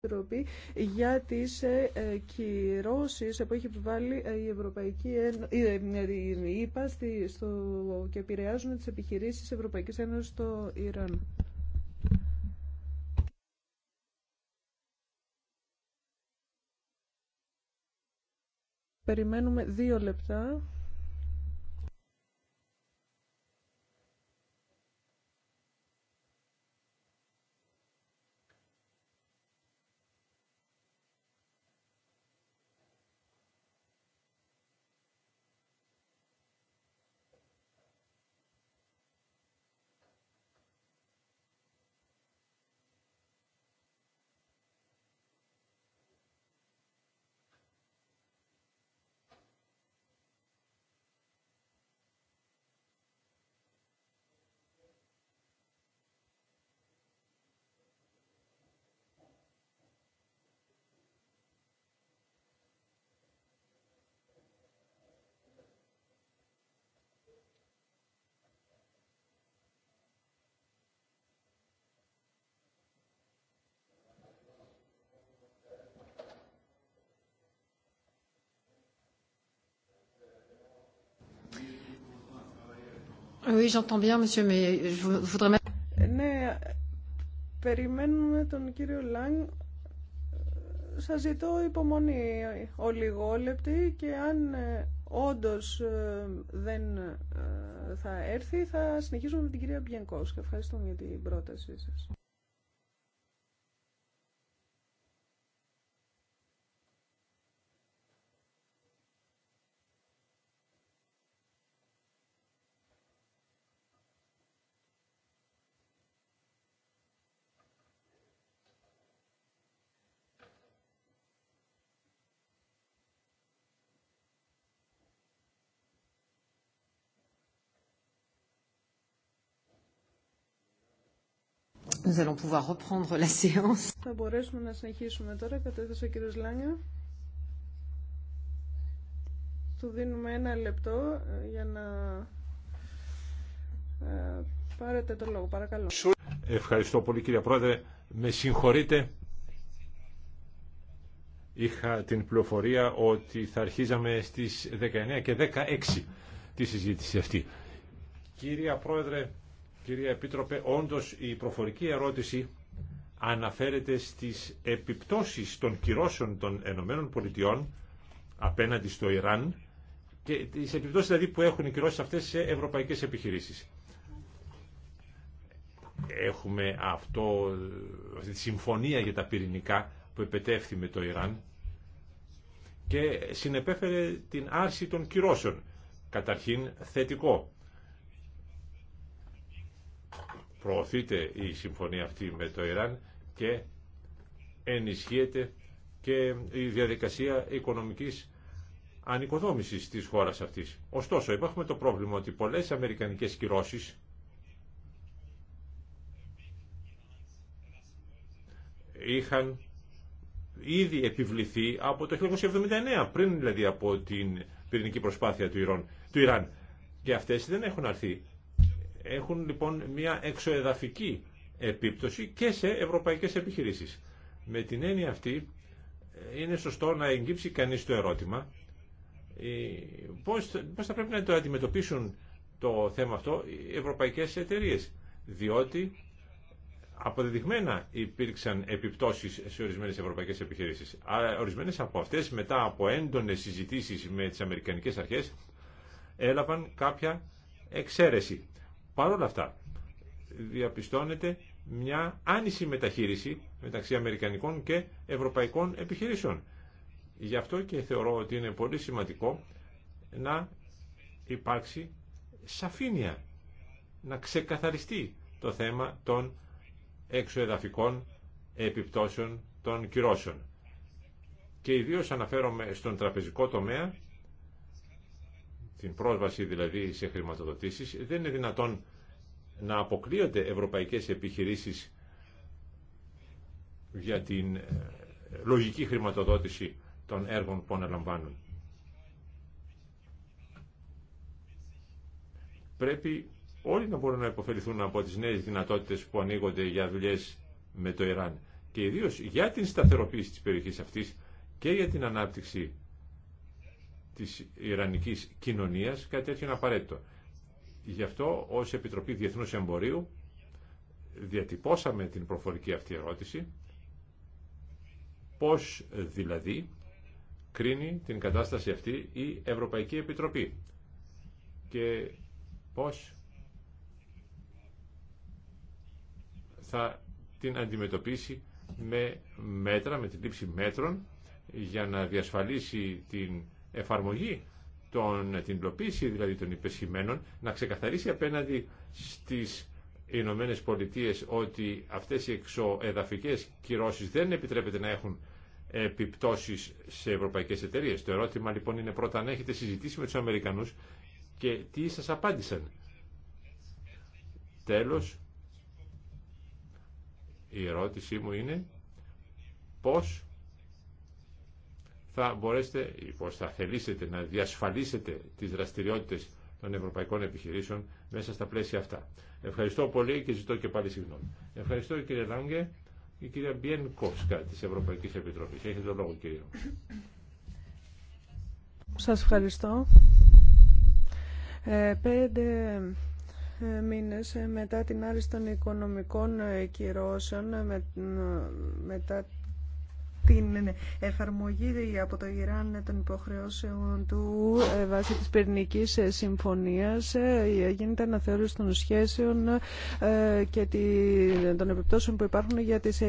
Επιτροπή για τις ε, ε, κυρώσεις που έχει επιβάλει ε, η Ευρωπαϊκή Ένωση ε, στο, και επηρεάζουν τις επιχειρήσεις της Ευρωπαϊκής Ένωσης στο Ιράν. Περιμένουμε δύο λεπτά. Ναι, περιμένουμε τον κύριο Λάγκ. Ε, Σα ζητώ υπομονή λιγόλεπτη και αν ε, όντω ε, δεν θα έρθει θα συνεχίσουμε με την κυρία Μπιενκόφσκα. Ευχαριστώ για την πρότασή σας. Nous allons pouvoir reprendre la séance. Θα μπορέσουμε να συνεχίσουμε τώρα, κατέθεσε ο κύριος Λάνια. Του δίνουμε ένα λεπτό ε, για να ε, πάρετε το λόγο. Παρακαλώ. Ευχαριστώ πολύ κύριε Πρόεδρε. Με συγχωρείτε. Είχα την πληροφορία ότι θα αρχίζαμε στις 19 και 16 τη συζήτηση αυτή. Κύριε Πρόεδρε, Κυρία Επίτροπε, όντως η προφορική ερώτηση αναφέρεται στις επιπτώσεις των κυρώσεων των Ενωμένων Πολιτειών απέναντι στο Ιράν και τις επιπτώσεις δηλαδή που έχουν οι κυρώσεις αυτές σε ευρωπαϊκές επιχειρήσεις. Έχουμε αυτό, αυτή τη συμφωνία για τα πυρηνικά που επετεύχθη με το Ιράν και συνεπέφερε την άρση των κυρώσεων. Καταρχήν θετικό προωθείται η συμφωνία αυτή με το Ιράν και ενισχύεται και η διαδικασία οικονομικής ανοικοδόμησης της χώρας αυτής. Ωστόσο, υπάρχουμε το πρόβλημα ότι πολλές αμερικανικές κυρώσεις είχαν ήδη επιβληθεί από το 1979, πριν δηλαδή από την πυρηνική προσπάθεια του Ιράν. Ιράν. Και αυτές δεν έχουν αρθεί. Έχουν λοιπόν μια εξοεδαφική επίπτωση και σε ευρωπαϊκές επιχειρήσεις. Με την έννοια αυτή ε, είναι σωστό να εγγύψει κανείς το ερώτημα ε, πώς, πώς θα πρέπει να το αντιμετωπίσουν το θέμα αυτό οι ευρωπαϊκές εταιρείες. Διότι αποδεδειγμένα υπήρξαν επιπτώσεις σε ορισμένες ευρωπαϊκές επιχειρήσεις. Αλλά ορισμένες από αυτές μετά από έντονες συζητήσεις με τις Αμερικανικές αρχές έλαβαν κάποια εξαίρεση. Παρ' όλα αυτά, διαπιστώνεται μια άνηση μεταχείριση μεταξύ Αμερικανικών και Ευρωπαϊκών επιχειρήσεων. Γι' αυτό και θεωρώ ότι είναι πολύ σημαντικό να υπάρξει σαφήνεια, να ξεκαθαριστεί το θέμα των εξοεδαφικών επιπτώσεων των κυρώσεων. Και ιδίως αναφέρομαι στον τραπεζικό τομέα την πρόσβαση δηλαδή σε χρηματοδοτήσεις, δεν είναι δυνατόν να αποκλείονται ευρωπαϊκές επιχειρήσεις για την ε, λογική χρηματοδότηση των έργων που αναλαμβάνουν. Πρέπει όλοι να μπορούν να υποφεληθούν από τις νέες δυνατότητες που ανοίγονται για δουλειές με το Ιράν και ιδίως για την σταθεροποίηση της περιοχής αυτής και για την ανάπτυξη της Ιρανικής κοινωνίας, κάτι τέτοιο είναι απαραίτητο. Γι' αυτό ως Επιτροπή Διεθνούς Εμπορίου διατυπώσαμε την προφορική αυτή ερώτηση πώς δηλαδή κρίνει την κατάσταση αυτή η Ευρωπαϊκή Επιτροπή και πώς θα την αντιμετωπίσει με μέτρα, με την λήψη μέτρων για να διασφαλίσει την εφαρμογή των, την υλοποίηση δηλαδή των υπεσχημένων να ξεκαθαρίσει απέναντι στις Ηνωμένε Πολιτείε ότι αυτές οι εξωεδαφικές κυρώσεις δεν επιτρέπεται να έχουν επιπτώσεις σε ευρωπαϊκές εταιρείε. Το ερώτημα λοιπόν είναι πρώτα αν έχετε συζητήσει με τους Αμερικανούς και τι σας απάντησαν. Τέλος, η ερώτησή μου είναι πώς θα μπορέσετε ή πώς θα θελήσετε να διασφαλίσετε τις δραστηριότητες των ευρωπαϊκών επιχειρήσεων μέσα στα πλαίσια αυτά. Ευχαριστώ πολύ και ζητώ και πάλι συγγνώμη. Ευχαριστώ κύριε Λάγκε και η κυρία Μπιέν Κόψκα της Ευρωπαϊκής Επιτροπής. Έχετε το λόγο κύριε. Σας ευχαριστώ. Ε, πέντε ε, μήνες μετά την άριστον των οικονομικών ε, κυρώσεων, με, μετά την εφαρμογή από το Ιράν των υποχρεώσεων του ε, βάσει της Περνικής ε, Συμφωνίας ε, γίνεται αναθεώρηση των σχέσεων και των επιπτώσεων που υπάρχουν για τις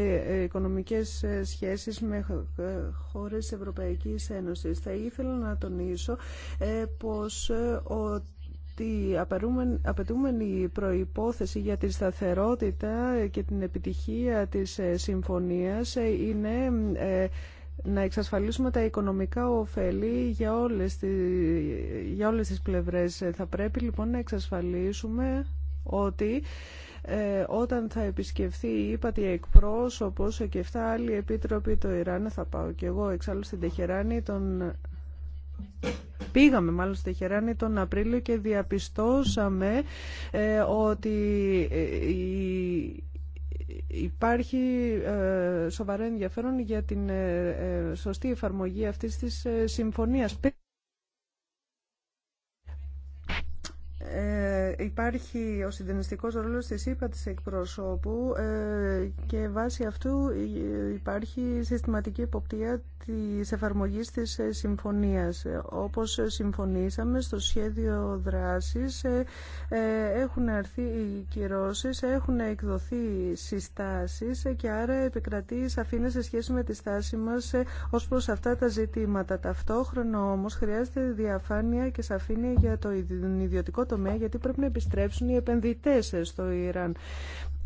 οικονομικές σχέσεις με χώρες Ευρωπαϊκής Ένωσης. Θα ήθελα να τονίσω πως ο η απαιτούμενη προϋπόθεση για τη σταθερότητα και την επιτυχία της ε, συμφωνίας ε, είναι ε, να εξασφαλίσουμε τα οικονομικά ωφέλη για όλες, τις, για πλευρές. Θα πρέπει λοιπόν να εξασφαλίσουμε ότι όταν θα επισκεφθεί η ΥΠΑΤΗ εκπρόσωπος και 7 άλλοι επίτροποι το Ιράν θα πάω και εγώ εξάλλου στην Τεχεράνη τον Πήγαμε μάλλον στη Χεράνη τον Απρίλιο και διαπιστώσαμε ε, ότι ε, υπάρχει ε, σοβαρό ενδιαφέρον για την σωστή εφαρμογή αυτής της συμφωνίας. υπάρχει ο συντενιστικός ρόλος της ΥΠΑ εκπροσώπου ε, και βάσει αυτού υπάρχει συστηματική υποπτία της εφαρμογής της ε, συμφωνίας. Ε, όπως συμφωνήσαμε στο σχέδιο δράσης έχουν αρθεί οι κυρώσεις, έχουν εκδοθεί συστάσεις και άρα επικρατεί σαφήνεια σε σχέση με τη στάση μας ως προς αυτά τα ζητήματα. Ταυτόχρονα όμως χρειάζεται διαφάνεια και σαφήνεια για το ιδιωτικό τομέα γιατί πρέπει να επιστρέψουν οι επενδυτές στο Ιράν.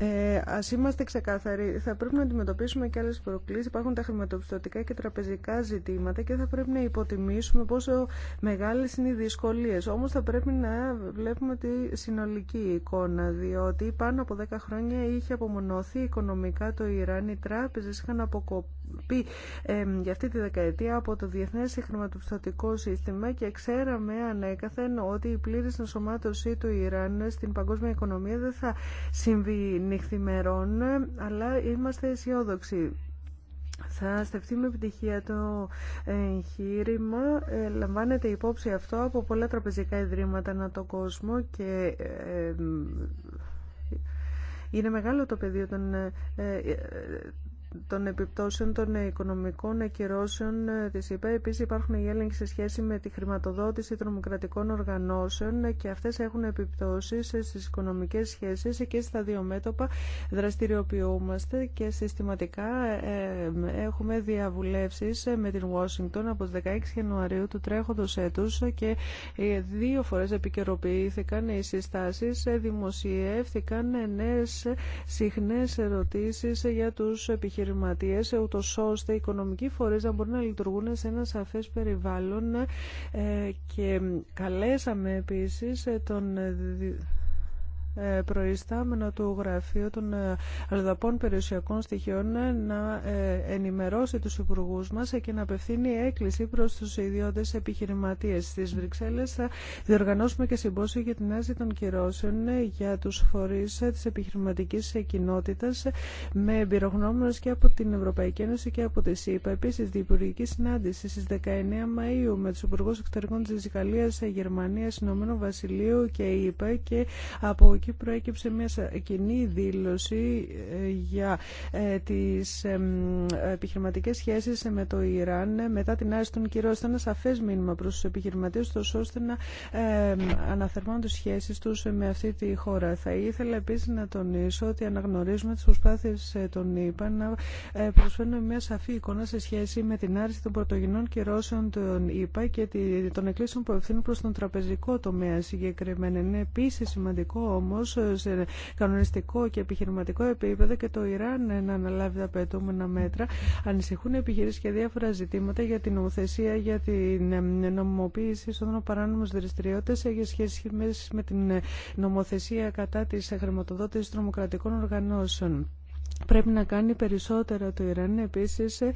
Ε, Α είμαστε ξεκάθαροι, θα πρέπει να αντιμετωπίσουμε και άλλε προκλήσει. Υπάρχουν τα χρηματοπιστωτικά και τραπεζικά ζητήματα και θα πρέπει να υποτιμήσουμε πόσο μεγάλε είναι οι δυσκολίε. Όμω θα πρέπει να βλέπουμε τη συνολική εικόνα, διότι πάνω από 10 χρόνια είχε απομονωθεί οικονομικά το Ιράν. Οι τράπεζε είχαν αποκοπεί ε, για αυτή τη δεκαετία από το διεθνέ χρηματοπιστωτικό σύστημα και ξέραμε ανέκαθεν ότι η πλήρη ενσωμάτωσή του Ιράν στην παγκόσμια οικονομία δεν θα συμβεί νυχθημερών, αλλά είμαστε αισιόδοξοι. Θα στεφθεί με επιτυχία το εγχείρημα. Ε, λαμβάνεται υπόψη αυτό από πολλά τραπεζικά ιδρύματα ανά τον κόσμο και ε, ε, είναι μεγάλο το πεδίο των των επιπτώσεων των οικονομικών ακυρώσεων ε, της ΕΠΑ. Επίσης υπάρχουν οι έλεγχοι σε σχέση με τη χρηματοδότηση τρομοκρατικών οργανώσεων και αυτές έχουν επιπτώσεις στις οικονομικές σχέσεις και στα δύο μέτωπα δραστηριοποιούμαστε και συστηματικά ε, έχουμε διαβουλεύσεις με την Washington από τις 16 Ιανουαρίου του τρέχοντος έτους και ε, δύο φορές επικαιροποιήθηκαν οι συστάσεις, δημοσιεύθηκαν νέες συχνές ερωτήσεις για τους επιχειρήσεις επιχειρηματίες, ούτως ώστε οι οικονομικοί φορείς να μπορούν να λειτουργούν σε ένα σαφές περιβάλλον ε, και καλέσαμε επίσης ε, τον ε, προϊστάμενο του Γραφείου των ε, Αλλοδαπών Περιουσιακών Στοιχειών ε, να ενημερώσει τους υπουργούς μας και να απευθύνει έκκληση προς τους ιδιώτες επιχειρηματίες. Στις Βρυξέλλες θα διοργανώσουμε και συμπόσιο για την άζη των κυρώσεων για τους φορείς της επιχειρηματικής κοινότητα με εμπειρογνώμενος και από την Ευρωπαϊκή Ένωση και από τη ΣΥΠΑ. Επίσης, διπουργική συνάντηση στις 19 Μαΐου με τους υπουργούς εξωτερικών της Γαλλίας, Γερμανίας, Ηνωμένου Βασιλείου και ΙΠΑ και από εκεί προέκυψε μια κοινή δήλωση ε, για ε, τις επιχειρηματικές σχέσεις με το Ιράν μετά την άρση των κυρώσεων. Ήταν ένα σαφές μήνυμα προς τους επιχειρηματίες τους ώστε να αναθερμάνουν τι σχέσεις τους με αυτή τη χώρα. Θα ήθελα επίσης να τονίσω ότι αναγνωρίζουμε τις προσπάθειες ε, των ΗΠΑ να προσφέρουν μια σαφή εικόνα σε σχέση με την άρση των πρωτογενών κυρώσεων των ΗΠΑ και των εκκλήσεων που ευθύνουν προς τον τραπεζικό τομέα συγκεκριμένα. Είναι επίση σημαντικό όμω όμω ε, σε κανονιστικό και επιχειρηματικό επίπεδο και το Ιράν ε, να αναλάβει τα απαιτούμενα μέτρα. Ανησυχούν επιχειρήσει και διάφορα ζητήματα για την νομοθεσία, για την ε, νομοποίηση στον παράνομων δραστηριότητε, για σχέση με την νομοθεσία κατά της χρηματοδότηση τρομοκρατικών οργανώσεων. Πρέπει να κάνει περισσότερα το Ιράν. Επίσης, ε,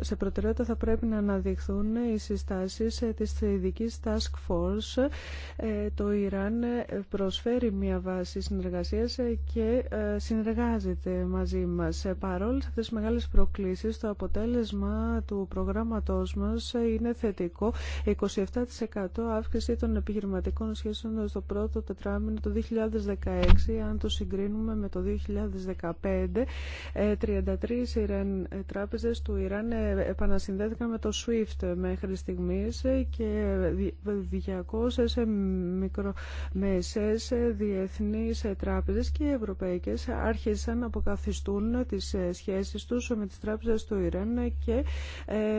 σε προτεραιότητα θα πρέπει να αναδειχθούν οι συστάσεις ε, της ειδική Task Force. Ε, το Ιράν προσφέρει μια βάση συνεργασίας και συνεργάζεται μαζί μας. Παρόλες αυτέ τι μεγάλες προκλήσεις, το αποτέλεσμα του προγράμματός μας είναι θετικό. 27% αύξηση των επιχειρηματικών σχέσεων στο πρώτο τετράμινο του 2016, αν το συγκρίνουμε με το 2015 33 ε, ε, τράπεζες του Ιράν ε, επανασυνδέθηκαν με το SWIFT μέχρι στιγμής και 200 μικρομεσές διεθνείς τράπεζες και ευρωπαϊκές άρχισαν να αποκαθιστούν τις σχέσεις τους με τις τράπεζες του Ιράν και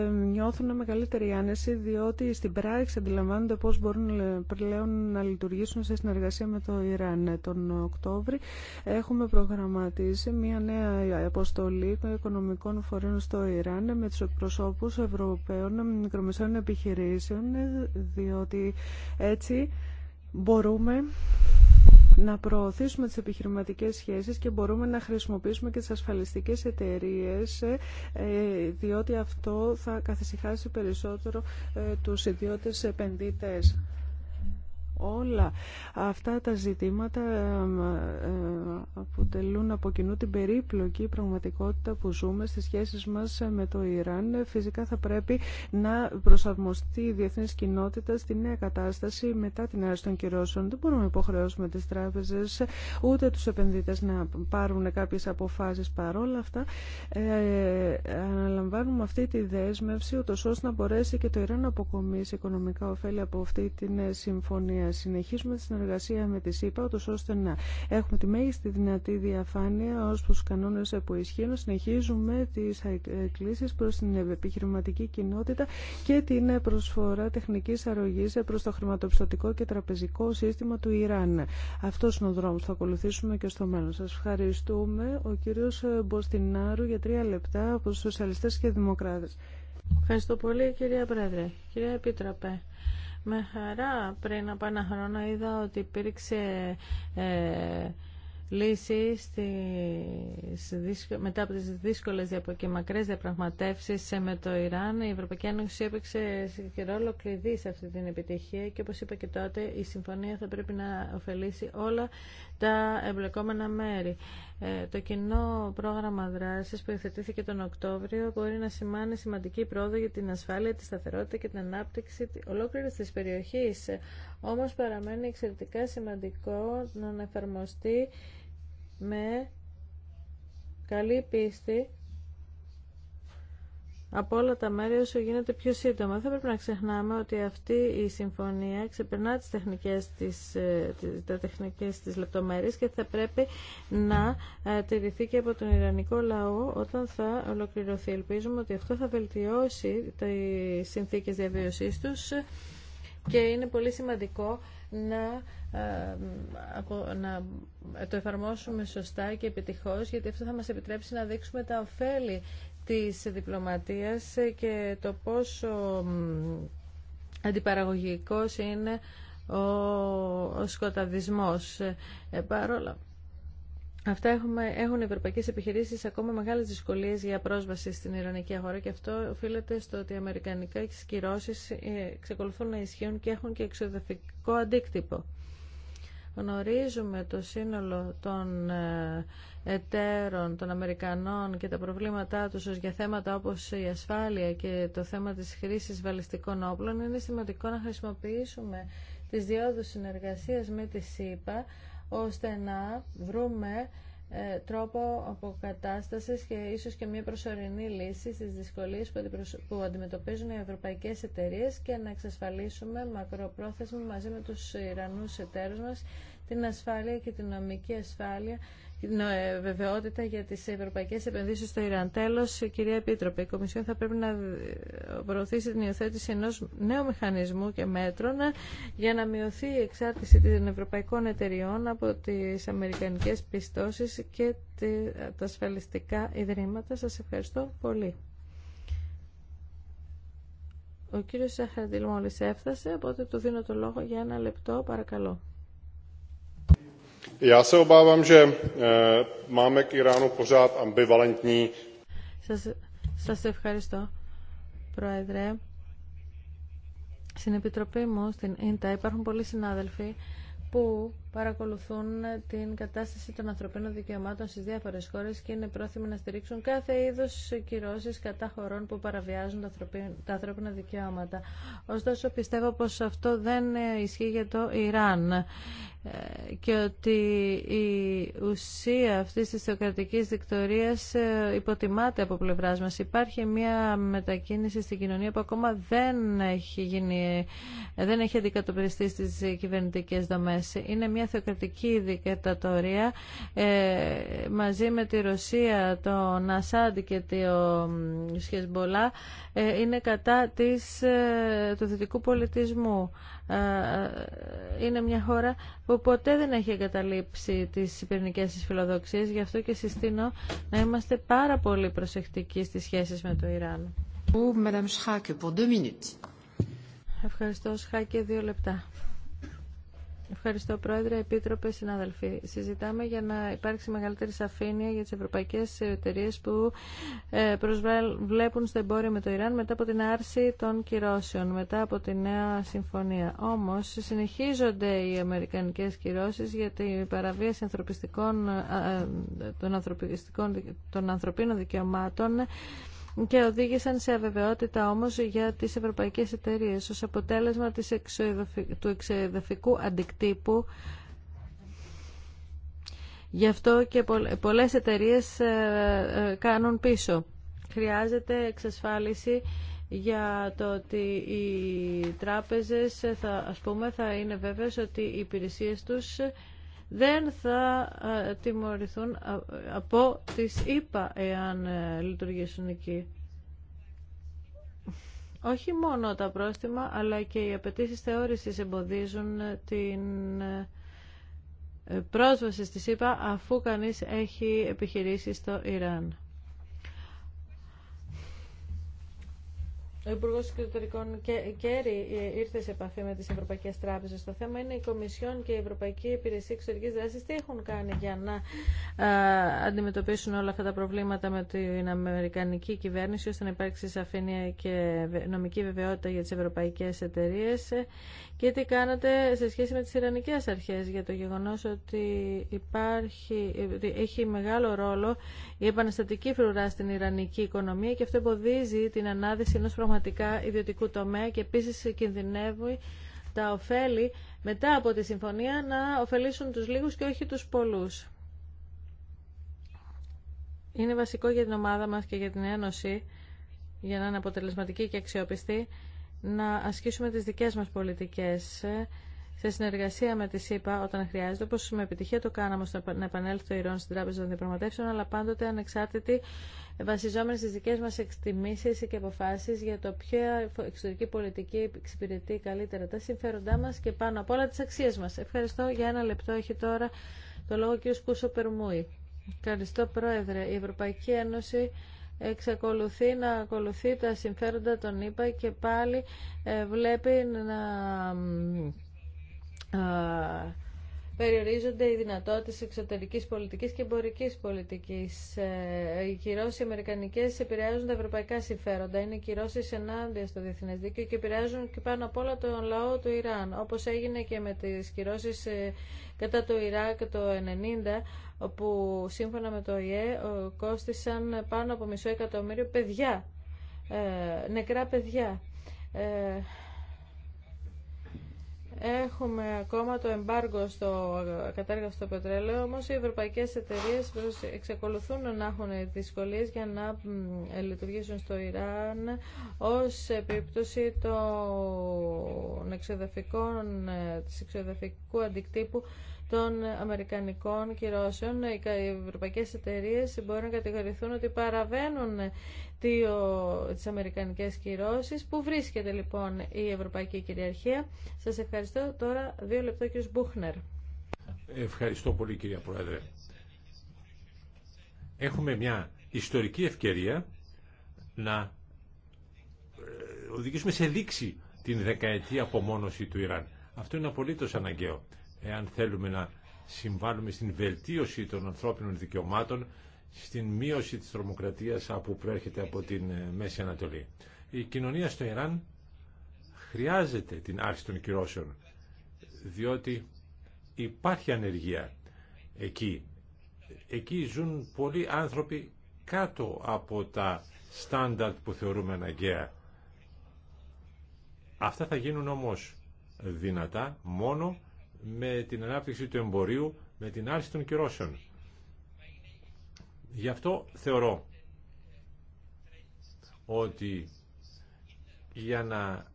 νιώθουν μεγαλύτερη άνεση διότι στην πράξη αντιλαμβάνονται πώς μπορούν πλέον να λειτουργήσουν σε συνεργασία με το Ιράν. Τον Οκτώβρη έχουμε προγραμματίσει σε μια νέα αποστολή οικονομικών φορέων στο Ιράν με τους εκπροσώπους Ευρωπαίων μικρομεσαίων επιχειρήσεων διότι έτσι μπορούμε να προωθήσουμε τις επιχειρηματικές σχέσεις και μπορούμε να χρησιμοποιήσουμε και τις ασφαλιστικές εταιρείες ε, διότι αυτό θα καθησυχάσει περισσότερο ε, τους ιδιώτες επενδυτές. Όλα αυτά τα ζητήματα ε, ε, αποτελούν από κοινού την περίπλοκη πραγματικότητα που ζούμε στις σχέσεις μας με το Ιράν. Φυσικά θα πρέπει να προσαρμοστεί η διεθνή κοινότητα στη νέα κατάσταση μετά την άρση των κυρώσεων. Δεν μπορούμε να υποχρεώσουμε τις τράπεζες ούτε τους επενδυτές να πάρουν κάποιες αποφάσεις παρόλα αυτά. Ε, αναλαμβάνουμε αυτή τη δέσμευση ούτως ώστε να μπορέσει και το Ιράν να αποκομίσει οικονομικά ωφέλη από αυτή την ε, συμφωνία. Συνεχίζουμε τη συνεργασία με τη ΣΥΠΑ, ώστε να έχουμε τη μέγιστη δυνατή διαφάνεια ω προ του κανόνε που ισχύουν. Συνεχίζουμε τι εκκλήσεις προ την επιχειρηματική κοινότητα και την προσφορά τεχνική αρρωγή προ το χρηματοπιστωτικό και τραπεζικό σύστημα του Ιράν. Αυτό είναι ο δρόμο που θα ακολουθήσουμε και στο μέλλον. Σα ευχαριστούμε. Ο κύριο Μποστινάρου για τρία λεπτά από του Σοσιαλιστέ και Δημοκράτε. Ευχαριστώ πολύ κυρία Πρόεδρε. Κυρία Επίτροπε. Με χαρά πριν από ένα χρόνο είδα ότι υπήρξε ε, λύση μετά από τις δύσκολες και μακρές διαπραγματεύσεις ε, με το Ιράν. Η Ευρωπαϊκή Ένωση έπαιξε ρόλο κλειδί σε αυτή την επιτυχία και όπως είπα και τότε η συμφωνία θα πρέπει να ωφελήσει όλα τα εμπλεκόμενα μέρη. Ε, το κοινό πρόγραμμα δράσης που υιοθετήθηκε τον Οκτώβριο μπορεί να σημάνει σημαντική πρόοδο για την ασφάλεια, τη σταθερότητα και την ανάπτυξη ολόκληρης της περιοχής. Όμως παραμένει εξαιρετικά σημαντικό να εφαρμοστεί με καλή πίστη από όλα τα μέρη όσο γίνεται πιο σύντομα. Θα πρέπει να ξεχνάμε ότι αυτή η συμφωνία ξεπερνά τις τεχνικές της, ε, τα τεχνικές της λεπτομέρειες και θα πρέπει να ε, τηρηθεί και από τον Ιρανικό λαό όταν θα ολοκληρωθεί. Ελπίζουμε ότι αυτό θα βελτιώσει τι συνθήκες διαβίωσής τους και είναι πολύ σημαντικό να, ε, να το εφαρμόσουμε σωστά και επιτυχώς γιατί αυτό θα μας επιτρέψει να δείξουμε τα ωφέλη της διπλωματίας και το πόσο αντιπαραγωγικός είναι ο, ο σκοταδισμός. Ε, παρόλα Αυτά έχουμε, έχουν οι ευρωπαϊκέ επιχειρήσει ακόμα μεγάλες δυσκολίες για πρόσβαση στην Ιρανική αγορά και αυτό οφείλεται στο ότι οι αμερικανικά κυρώσει ε, εξακολουθούν να ισχύουν και έχουν και εξοδευτικό αντίκτυπο. Γνωρίζουμε το σύνολο των ε, εταίρων, των Αμερικανών και τα προβλήματά τους ως για θέματα όπως η ασφάλεια και το θέμα της χρήσης βαλιστικών όπλων. Είναι σημαντικό να χρησιμοποιήσουμε τις διόδους συνεργασίας με τη ΣΥΠΑ ώστε να βρούμε ε, τρόπο αποκατάστασης και ίσως και μια προσωρινή λύση στις δυσκολίες που αντιμετωπίζουν οι ευρωπαϊκές εταιρείες και να εξασφαλίσουμε μακροπρόθεσμα μαζί με τους Ιρανούς εταίρους μας την ασφάλεια και την νομική ασφάλεια ε, βεβαιότητα για τις ευρωπαϊκές επενδύσεις στο Ιράν. Τέλος, κυρία Επίτροπε, η Κομισιόν θα πρέπει να προωθήσει την υιοθέτηση ενός νέου μηχανισμού και μέτρων για να μειωθεί η εξάρτηση των ευρωπαϊκών εταιριών από τις αμερικανικές πιστώσεις και τα ασφαλιστικά ιδρύματα. Σας ευχαριστώ πολύ. Ο κύριος Σαχαρντήλ μόλις έφτασε, οπότε του δίνω το λόγο για ένα λεπτό, παρακαλώ. Já ευχαριστώ, Πρόεδρε. Στην Επιτροπή μου, στην ΙΝΤΑ, υπάρχουν πολλοί συνάδελφοι που παρακολουθούν την κατάσταση των ανθρωπίνων δικαιωμάτων στις διάφορες χώρες και είναι πρόθυμοι να στηρίξουν κάθε είδους κυρώσεις κατά χωρών που παραβιάζουν τα ανθρώπινα δικαιώματα. Ωστόσο, πιστεύω πως αυτό δεν ε, ισχύει για το Ιράν ε, και ότι η ουσία αυτής της θεοκρατικής δικτορίας ε, υποτιμάται από πλευράς μας. Υπάρχει μια μετακίνηση στην κοινωνία που ακόμα δεν έχει, γίνει, δεν έχει αντικατοπιστεί στις κυβερνητικές δομές. Είναι μια θεοκρατική ε, μαζί με τη Ρωσία, τον Ασάντ και το Σχεσμπολά ε, είναι κατά της, ε, του δυτικού πολιτισμού. Ε, είναι μια χώρα που ποτέ δεν έχει εγκαταλείψει τις πυρηνικές της φιλοδοξίες, γι' αυτό και συστήνω να είμαστε πάρα πολύ προσεκτικοί στις σχέσεις με το Ιράν. Ευχαριστώ, Σχάκε, δύο λεπτά. Ευχαριστώ Πρόεδρε, Επίτροπε, συνάδελφοι. Συζητάμε για να υπάρξει μεγαλύτερη σαφήνεια για τις ευρωπαϊκές εταιρείε που ε, προσβλέπουν στο εμπόριο με το Ιράν μετά από την άρση των κυρώσεων, μετά από τη νέα συμφωνία. Όμως συνεχίζονται οι αμερικανικές κυρώσει για την παραβίαση ε, ε, των, ανθρωπιστικών, των ανθρωπίνων δικαιωμάτων και οδήγησαν σε αβεβαιότητα όμως για τις ευρωπαϊκές εταιρείες ως αποτέλεσμα της του εξοδευτικού αντικτύπου Γι' αυτό και πολλές εταιρείες ε, ε, κάνουν πίσω. Χρειάζεται εξασφάλιση για το ότι οι τράπεζες θα, ας πούμε, θα είναι βέβαιες ότι οι υπηρεσίες τους δεν θα ε, τιμωρηθούν ε, από τις ΙΠΑ εάν ε, λειτουργήσουν εκεί. Όχι μόνο τα πρόστιμα, αλλά και οι απαιτήσει θεώρησης εμποδίζουν την πρόσβαση στις ΣΥΠΑ αφού κανείς έχει επιχειρήσει στο Ιράν. Ο Υπουργό Εξωτερικών Κέρι ε, ήρθε σε επαφή με τι Ευρωπαϊκέ Τράπεζε. Το θέμα είναι η Κομισιόν και η Ευρωπαϊκή Υπηρεσία Εξωτερική Δράση τι έχουν κάνει για να αντιμετωπίσουν όλα αυτά τα προβλήματα με την Αμερικανική κυβέρνηση, ώστε να υπάρξει σαφήνεια και νομική βεβαιότητα για τι ευρωπαϊκέ εταιρείε. Και τι κάνατε σε σχέση με τι Ιρανικέ αρχέ για το γεγονό ότι υπάρχει, έχει μεγάλο ρόλο η επαναστατική φρουρά στην Ιρανική οικονομία και αυτό εμποδίζει την ανάδυση ενό πραγματικά ιδιωτικού τομέα και επίσης κινδυνεύει τα ωφέλη μετά από τη συμφωνία να ωφελήσουν τους λίγους και όχι τους πολλούς. Είναι βασικό για την ομάδα μας και για την Ένωση, για να είναι αποτελεσματική και αξιοπιστή, να ασκήσουμε τις δικές μας πολιτικές σε συνεργασία με τη ΣΥΠΑ όταν χρειάζεται, όπως με επιτυχία το κάναμε στο να επανέλθει το Ιρών στην Τράπεζα των Διαπραγματεύσεων, αλλά πάντοτε ανεξάρτητη βασιζόμενοι στις δικές μας εκτιμήσεις και αποφάσεις για το ποια εξωτερική πολιτική εξυπηρετεί καλύτερα τα συμφέροντά μας και πάνω απ' όλα τις αξίες μας. Ευχαριστώ. Για ένα λεπτό έχει τώρα το λόγο κ. Κούσο Περμούη. Ευχαριστώ Πρόεδρε. Η Ευρωπαϊκή Ένωση εξακολουθεί να ακολουθεί τα συμφέροντα των ΗΠΑ και πάλι ε, βλέπει να περιορίζονται οι δυνατότητες εξωτερικής πολιτικής και εμπορικής πολιτικής. Ε, οι κυρώσεις αμερικανικές επηρεάζουν τα ευρωπαϊκά συμφέροντα. Είναι κυρώσεις ενάντια στο διεθνές δίκαιο και επηρεάζουν και πάνω απ' όλα τον λαό του Ιράν. Όπως έγινε και με τις κυρώσεις ε, κατά το Ιράκ το 1990, όπου σύμφωνα με το ΙΕ κόστησαν πάνω από μισό εκατομμύριο παιδιά, ε, νεκρά παιδιά. Έχουμε ακόμα το εμπάργκο στο κατάργαστο πετρέλαιο, όμως οι ευρωπαϊκές εταιρείες εξακολουθούν να έχουν δυσκολίες για να λειτουργήσουν στο Ιράν ως επίπτωση των εξοδευτικών ε, της εξοδευτικού αντικτύπου των Αμερικανικών κυρώσεων. Οι ευρωπαϊκές εταιρείες μπορούν να κατηγορηθούν ότι παραβαίνουν τις Αμερικανικές κυρώσεις. Πού βρίσκεται λοιπόν η Ευρωπαϊκή Κυριαρχία. Σας ευχαριστώ. Τώρα δύο λεπτό κύριος Μπούχνερ. Ευχαριστώ πολύ κυρία Πρόεδρε. Έχουμε μια ιστορική ευκαιρία να ε, οδηγήσουμε σε λήξη την δεκαετία απομόνωση του Ιράν. Αυτό είναι απολύτως αναγκαίο εάν θέλουμε να συμβάλλουμε στην βελτίωση των ανθρώπινων δικαιωμάτων, στην μείωση της τρομοκρατίας που προέρχεται από την ε, Μέση Ανατολή. Η κοινωνία στο Ιράν χρειάζεται την άρση των κυρώσεων, διότι υπάρχει ανεργία εκεί. Εκεί ζουν πολλοί άνθρωποι κάτω από τα στάνταρτ που θεωρούμε αναγκαία. Αυτά θα γίνουν όμως δυνατά μόνο με την ανάπτυξη του εμπορίου, με την άρση των κυρώσεων. Γι' αυτό θεωρώ ότι για να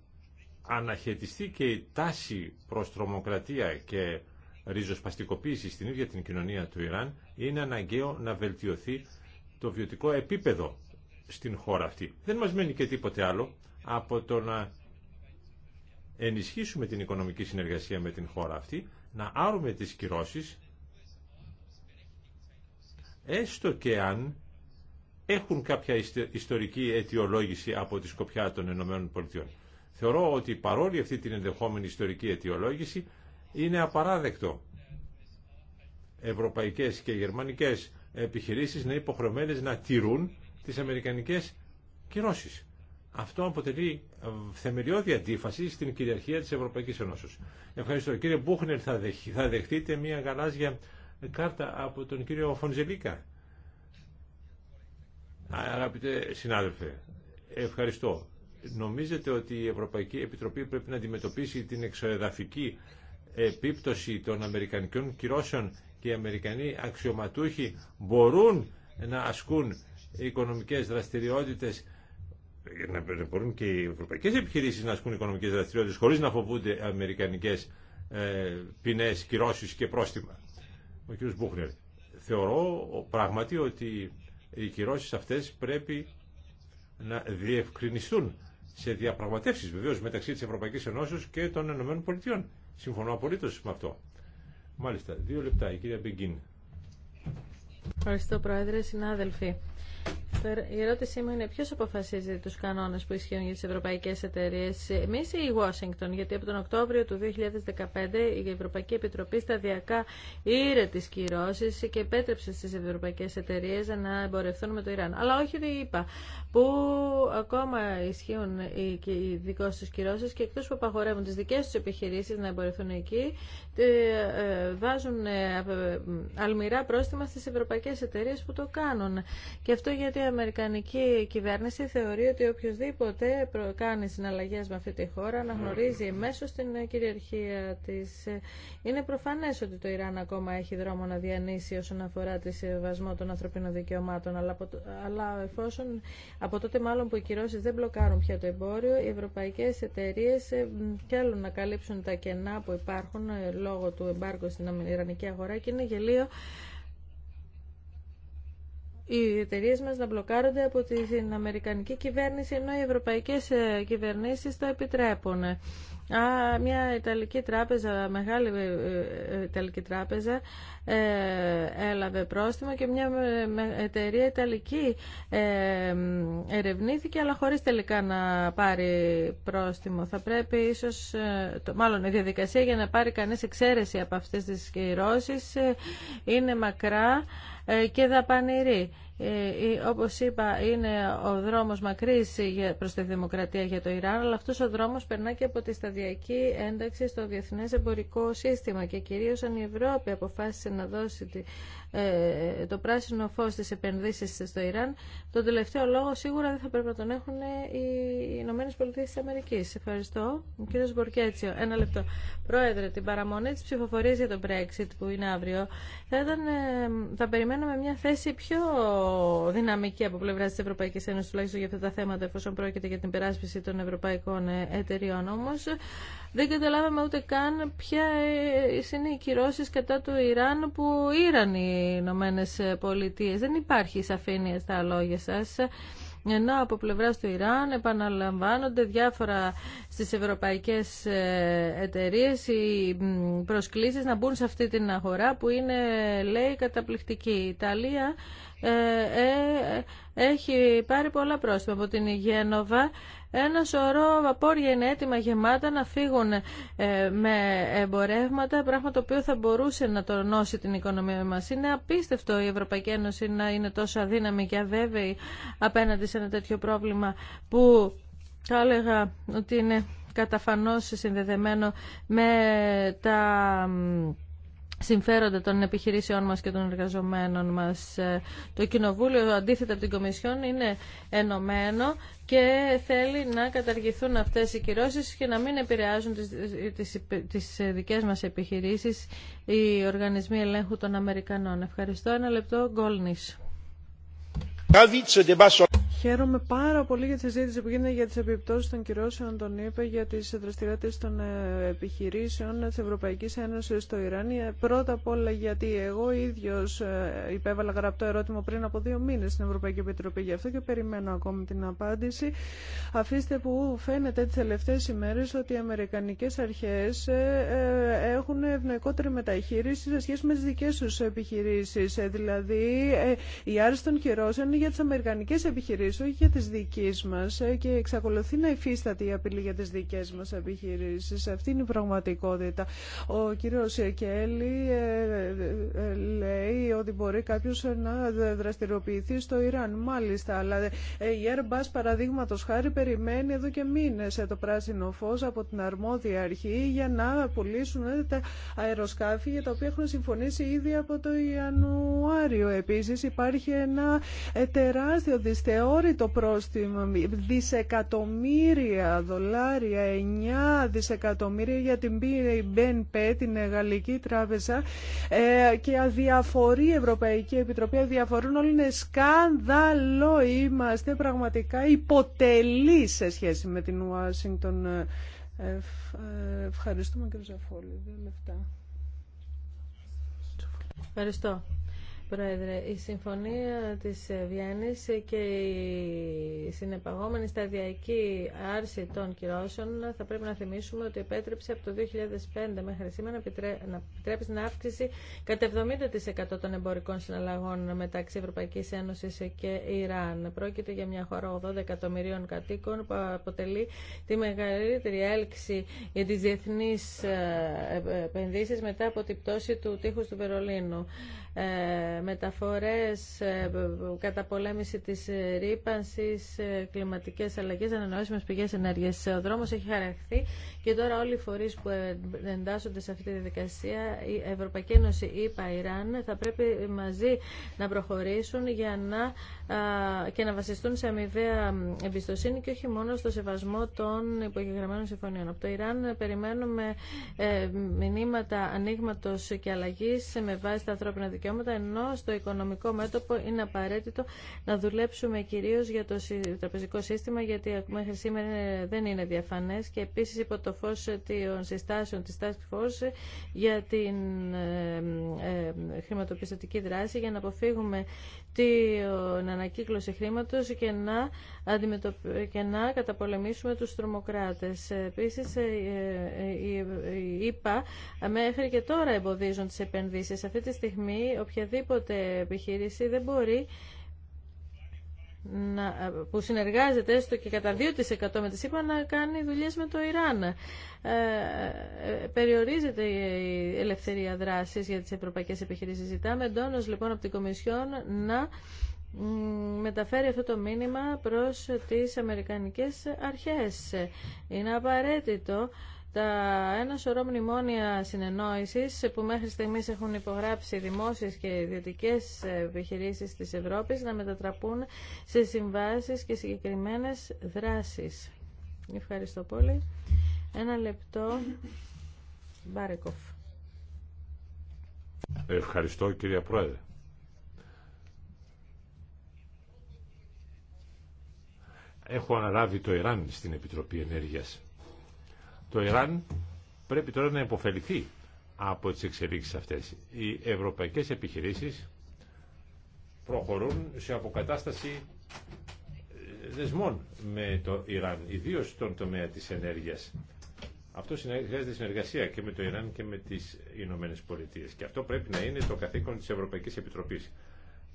αναχαιτιστεί και η τάση προς τρομοκρατία και ριζοσπαστικοποίηση στην ίδια την κοινωνία του Ιράν, είναι αναγκαίο να βελτιωθεί το βιωτικό επίπεδο στην χώρα αυτή. Δεν μας μένει και τίποτε άλλο από το να ενισχύσουμε την οικονομική συνεργασία με την χώρα αυτή, να άρουμε τις κυρώσεις, έστω και αν έχουν κάποια ιστορική αιτιολόγηση από τη σκοπιά των ΗΠΑ. Θεωρώ ότι παρόλη αυτή την ενδεχόμενη ιστορική αιτιολόγηση είναι απαράδεκτο ευρωπαϊκές και γερμανικές επιχειρήσεις να υποχρεωμένες να τηρούν τις αμερικανικές κυρώσεις αυτό αποτελεί ε, θεμελιώδη αντίφαση στην κυριαρχία της Ευρωπαϊκής Ενώσεως. Ευχαριστώ. Κύριε Μπούχνερ, θα, θα δεχτείτε μια γαλάζια κάρτα από τον κύριο Φονζελίκα. Αγαπητέ συνάδελφε, ευχαριστώ. Νομίζετε ότι η Ευρωπαϊκή Επιτροπή πρέπει να αντιμετωπίσει την εξοεδαφική επίπτωση των Αμερικανικών κυρώσεων και οι Αμερικανοί αξιωματούχοι μπορούν να ασκούν οικονομικές δραστηριότητες ε, να μπορούν και οι ευρωπαϊκές επιχειρήσεις να ασκούν οικονομικές δραστηριότητες χωρίς να φοβούνται αμερικανικές ε, ποινές, κυρώσεις και πρόστιμα. Ο κ. Μπούχνερ, θεωρώ πράγματι ότι οι κυρώσεις αυτές πρέπει να διευκρινιστούν σε διαπραγματεύσεις βεβαίως μεταξύ της Ευρωπαϊκής Ενώσεως και των Πολιτειών. Συμφωνώ απολύτως με αυτό. Μάλιστα, δύο λεπτά, η κυρία Μπεγκίν. Ευχαριστώ, Πρόεδρε, συνάδελφοι. Η ερώτησή μου είναι ποιο αποφασίζει του κανόνε που ισχύουν για τι ευρωπαϊκέ εταιρείε, εμεί ή η Washington, γιατί από τον Οκτώβριο του 2015 η Ευρωπαϊκή Επιτροπή σταδιακά ήρε τι κυρώσει και επέτρεψε στι ευρωπαϊκέ εταιρείε να εμπορευθούν με το Ιράν. Αλλά όχι το είπα, που ακόμα ισχύουν οι δικέ του κυρώσει και εκτό που απαγορεύουν τι δικέ του επιχειρήσει να εμπορευθούν εκεί, ε, ε, βάζουν ε, αλμυρά πρόστιμα στις ευρωπαϊκές εταιρείες που το κάνουν. Και αυτό γιατί η Αμερικανική κυβέρνηση θεωρεί ότι οποιοδήποτε κάνει συναλλαγές με αυτή τη χώρα αναγνωρίζει μέσω στην κυριαρχία της. Είναι προφανές ότι το Ιράν ακόμα έχει δρόμο να διανύσει όσον αφορά τη σεβασμό των ανθρωπίνων δικαιωμάτων, αλλά, αλλά εφόσον από τότε μάλλον που οι κυρώσεις δεν μπλοκάρουν πια το εμπόριο, οι ευρωπαϊκές εταιρείες θέλουν να καλύψουν τα κενά που υπάρχουν λόγω του εμπάρκου στην Ιρανική αγορά και είναι γελίο οι εταιρείε μα να μπλοκάρονται από την Αμερικανική κυβέρνηση, ενώ οι ευρωπαϊκέ ε, κυβερνήσει το επιτρέπουν. Α, μια Ιταλική τράπεζα, μεγάλη ε, ε, Ιταλική τράπεζα ε, έλαβε πρόστιμο και μια ε, εταιρεία Ιταλική ε, ερευνήθηκε αλλά χωρίς τελικά να πάρει πρόστιμο. Θα πρέπει ίσως, το, μάλλον η διαδικασία για να πάρει κανείς εξαίρεση από αυτές τις κυρώσεις είναι μακρά. Ε, και δαπανηρή. Ε, όπως είπα, είναι ο δρόμος μακρύς προς τη δημοκρατία για το Ιράν, αλλά αυτός ο δρόμος περνά και από τη σταδιακή ένταξη στο διεθνές εμπορικό σύστημα και κυρίως αν η Ευρώπη αποφάσισε να δώσει τη ε, το πράσινο φω τη επενδύσεις στο Ιράν, τον τελευταίο λόγο σίγουρα δεν θα πρέπει να τον έχουν οι Ηνωμένε Πολιτείε τη Αμερική. Ευχαριστώ. Ο κύριος Μπορκέτσιο, ένα λεπτό. Πρόεδρε, την παραμονή τη ψηφοφορία για το Brexit που είναι αύριο, θα, ήταν, ε, θα περιμέναμε μια θέση πιο δυναμική από πλευρά τη Ευρωπαϊκή Ένωση, τουλάχιστον για αυτά τα θέματα, εφόσον πρόκειται για την περάσπιση των ευρωπαϊκών ε, εταιριών. όμω, δεν καταλάβαμε ούτε καν ποια είναι οι κυρώσει κατά του Ιράν που ήραν οι Ηνωμένε Πολιτείε. Δεν υπάρχει σαφήνεια στα λόγια σας ενώ από πλευράς του Ιράν επαναλαμβάνονται διάφορα στις ευρωπαϊκές ε, εταιρείες οι προσκλήσεις να μπουν σε αυτή την αγορά που είναι λέει καταπληκτική. Η Ιταλία ε, ε, έχει πάρει πολλά πρόστιμα από την Γένοβα. Ένα σωρό βαπόρια είναι έτοιμα γεμάτα να φύγουν ε, με εμπορεύματα, πράγμα το οποίο θα μπορούσε να τονώσει την οικονομία μας. Είναι απίστευτο η Ευρωπαϊκή Ένωση να είναι τόσο αδύναμη και αβέβαιη απέναντι σε ένα τέτοιο πρόβλημα που θα έλεγα ότι είναι καταφανώς συνδεδεμένο με τα συμφέροντα των επιχειρήσεών μας και των εργαζομένων μας. Ε, το Κοινοβούλιο, αντίθετα από την Κομισιόν, είναι ενωμένο και θέλει να καταργηθούν αυτές οι κυρώσεις και να μην επηρεάζουν τις, τις, τις δικές μας επιχειρήσεις οι οργανισμοί ελέγχου των Αμερικανών. Ευχαριστώ. Ένα λεπτό. Γκόλνης. Χαίρομαι πάρα πολύ για τη συζήτηση που γίνεται για τι επιπτώσει των κυρώσεων, τον είπε, για τι δραστηριότητε των ε, επιχειρήσεων τη Ευρωπαϊκή Ένωση στο Ιράν. Ε, πρώτα απ' όλα γιατί εγώ ίδιο ε, υπέβαλα γραπτό ερώτημα πριν από δύο μήνε στην Ευρωπαϊκή Επιτροπή γι' αυτό και περιμένω ακόμη την απάντηση. Αφήστε που φαίνεται τι τελευταίε ημέρε ότι οι Αμερικανικέ αρχέ έχουν ευνοϊκότερη μεταχείριση σε σχέση με τι δικέ του επιχειρήσει. Δηλαδή, η άρση των κυρώσεων είναι για τι αμερικανικέ επιχειρήσει όχι για τις δικέ μα ε, και εξακολουθεί να υφίσταται η απειλή για τι δικέ μα επιχειρήσει. Αυτή είναι η πραγματικότητα. Ο κύριο Κέλλη ε, ε, λέει ότι μπορεί κάποιο να δραστηριοποιηθεί στο Ιράν. Μάλιστα, αλλά η Airbus παραδείγματο χάρη περιμένει εδώ και μήνες το πράσινο φω από την αρμόδια αρχή για να πουλήσουν τα αεροσκάφη για τα οποία έχουν συμφωνήσει ήδη από το Ιανουάριο. Επίση, υπάρχει ένα τεράστιο δυστεό το πρόστιμο, δισεκατομμύρια δολάρια, 9 δισεκατομμύρια για την BNP, την Γαλλική Τράπεζα ε, και αδιαφορεί η Ευρωπαϊκή Επιτροπή, αδιαφορούν όλοι είναι σκάνδαλο, είμαστε πραγματικά υποτελεί σε σχέση με την Ουάσιγκτον. Ε, ε, ευχαριστούμε κύριε Ζαφόλη. Δύο λεπτά. Ευχαριστώ. Πρόεδρε, η Συμφωνία της Βιέννης και η συνεπαγόμενη σταδιακή άρση των κυρώσεων θα πρέπει να θυμίσουμε ότι επέτρεψε από το 2005 μέχρι σήμερα να επιτρέψει την αύξηση κατά 70% των εμπορικών συναλλαγών μεταξύ Ευρωπαϊκής Ένωσης και Ιράν. Πρόκειται για μια χώρα 80 εκατομμυρίων κατοίκων που αποτελεί τη μεγαλύτερη έλξη για τις διεθνείς ε, επενδύσεις μετά από την πτώση του τείχους του Βερολίνου. Ε, μεταφορές, ε, καταπολέμηση της ε, ρήπανσης, κλιματικές αλλαγές, ανανεώσιμες πηγές ενέργειας. Ο δρόμος έχει χαραχθεί και τώρα όλοι οι φορείς που εντάσσονται σε αυτή τη διαδικασία, η Ευρωπαϊκή Ένωση, ή η Ιράν, θα πρέπει μαζί να προχωρήσουν για να, και να βασιστούν σε αμοιβαία εμπιστοσύνη και όχι μόνο στο σεβασμό των υπογεγραμμένων συμφωνιών. Από το Ιράν περιμένουμε μηνύματα ανοίγματο και αλλαγή με βάση τα ανθρώπινα δικαιώματα ενώ στο οικονομικό μέτωπο είναι απαραίτητο να δουλέψουμε κυρίως για το τραπεζικό σύστημα, γιατί μέχρι σήμερα δεν είναι διαφανές και επίσης υπό το φω των συστάσεων τη Task Force για την ε, ε, ε, χρηματοπιστωτική δράση, για να αποφύγουμε την ανακύκλωση χρήματος και να, αντιμετωπ... και καταπολεμήσουμε τους τρομοκράτες. Επίσης, ε, ε, ε, η ΕΠΑ μέχρι και τώρα εμποδίζουν τις επενδύσεις. Αυτή τη στιγμή οποιαδήποτε επιχείρηση δεν μπορεί ε, που συνεργάζεται έστω και κατά 2% με τη ΣΥΠΑ να κάνει δουλειές με το Ιράν. Ε, ε, ε περιορίζεται η ελευθερία δράσης για τις ευρωπαϊκές επιχειρήσεις. Ζητάμε εντόνως λοιπόν από την Κομισιόν να μεταφέρει αυτό το μήνυμα προς τις Αμερικανικές αρχές. Είναι απαραίτητο τα ένα σωρό μνημόνια συνεννόησης που μέχρι στιγμής έχουν υπογράψει δημόσιες και ιδιωτικέ επιχειρήσεις της Ευρώπης να μετατραπούν σε συμβάσεις και συγκεκριμένες δράσεις. Ευχαριστώ πολύ. Ένα λεπτό. Μπάρεκοφ. Ευχαριστώ κυρία Πρόεδρε. Έχω αναλάβει το Ιράν στην Επιτροπή Ενέργειας το Ιράν πρέπει τώρα να υποφεληθεί από τις εξελίξεις αυτές. Οι ευρωπαϊκές επιχειρήσεις προχωρούν σε αποκατάσταση ε, δεσμών με το Ιράν, ιδίως στον τομέα της ενέργειας. Αυτό χρειάζεται συνεργασία και με το Ιράν και με τις Ηνωμένε Πολιτείε. Και αυτό πρέπει να είναι το καθήκον της Ευρωπαϊκής Επιτροπής.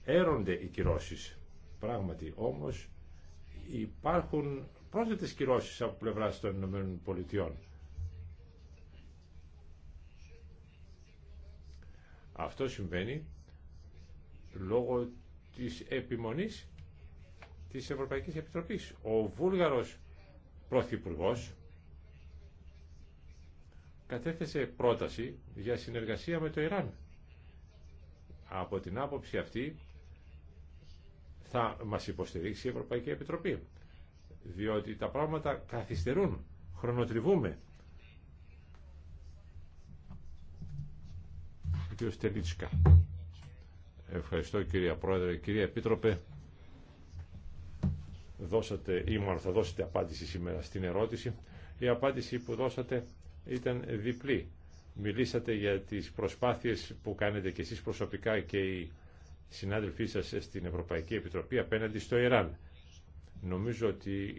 Έρονται οι κυρώσεις. Πράγματι, όμως υπάρχουν πρόσθετες κυρώσεις από πλευρά των ΗΠΑ. Αυτό συμβαίνει λόγω της επιμονής της Ευρωπαϊκής Επιτροπής. Ο Βούλγαρος Πρωθυπουργός κατέθεσε πρόταση για συνεργασία με το Ιράν. Από την άποψη αυτή θα μας υποστηρίξει η Ευρωπαϊκή Επιτροπή διότι τα πράγματα καθυστερούν, χρονοτριβούμε. κυρία Πρόεδρε. Κυρία Επίτροπε, δώσατε ή μάλλον θα δώσετε απάντηση σήμερα στην ερώτηση. Η απάντηση που δώσατε ήταν διπλή. Μιλήσατε για τις προσπάθειες που κάνετε και εσείς προσωπικά και οι συνάδελφοί σας στην Ευρωπαϊκή Επιτροπή απέναντι στο Ιράν. Νομίζω ότι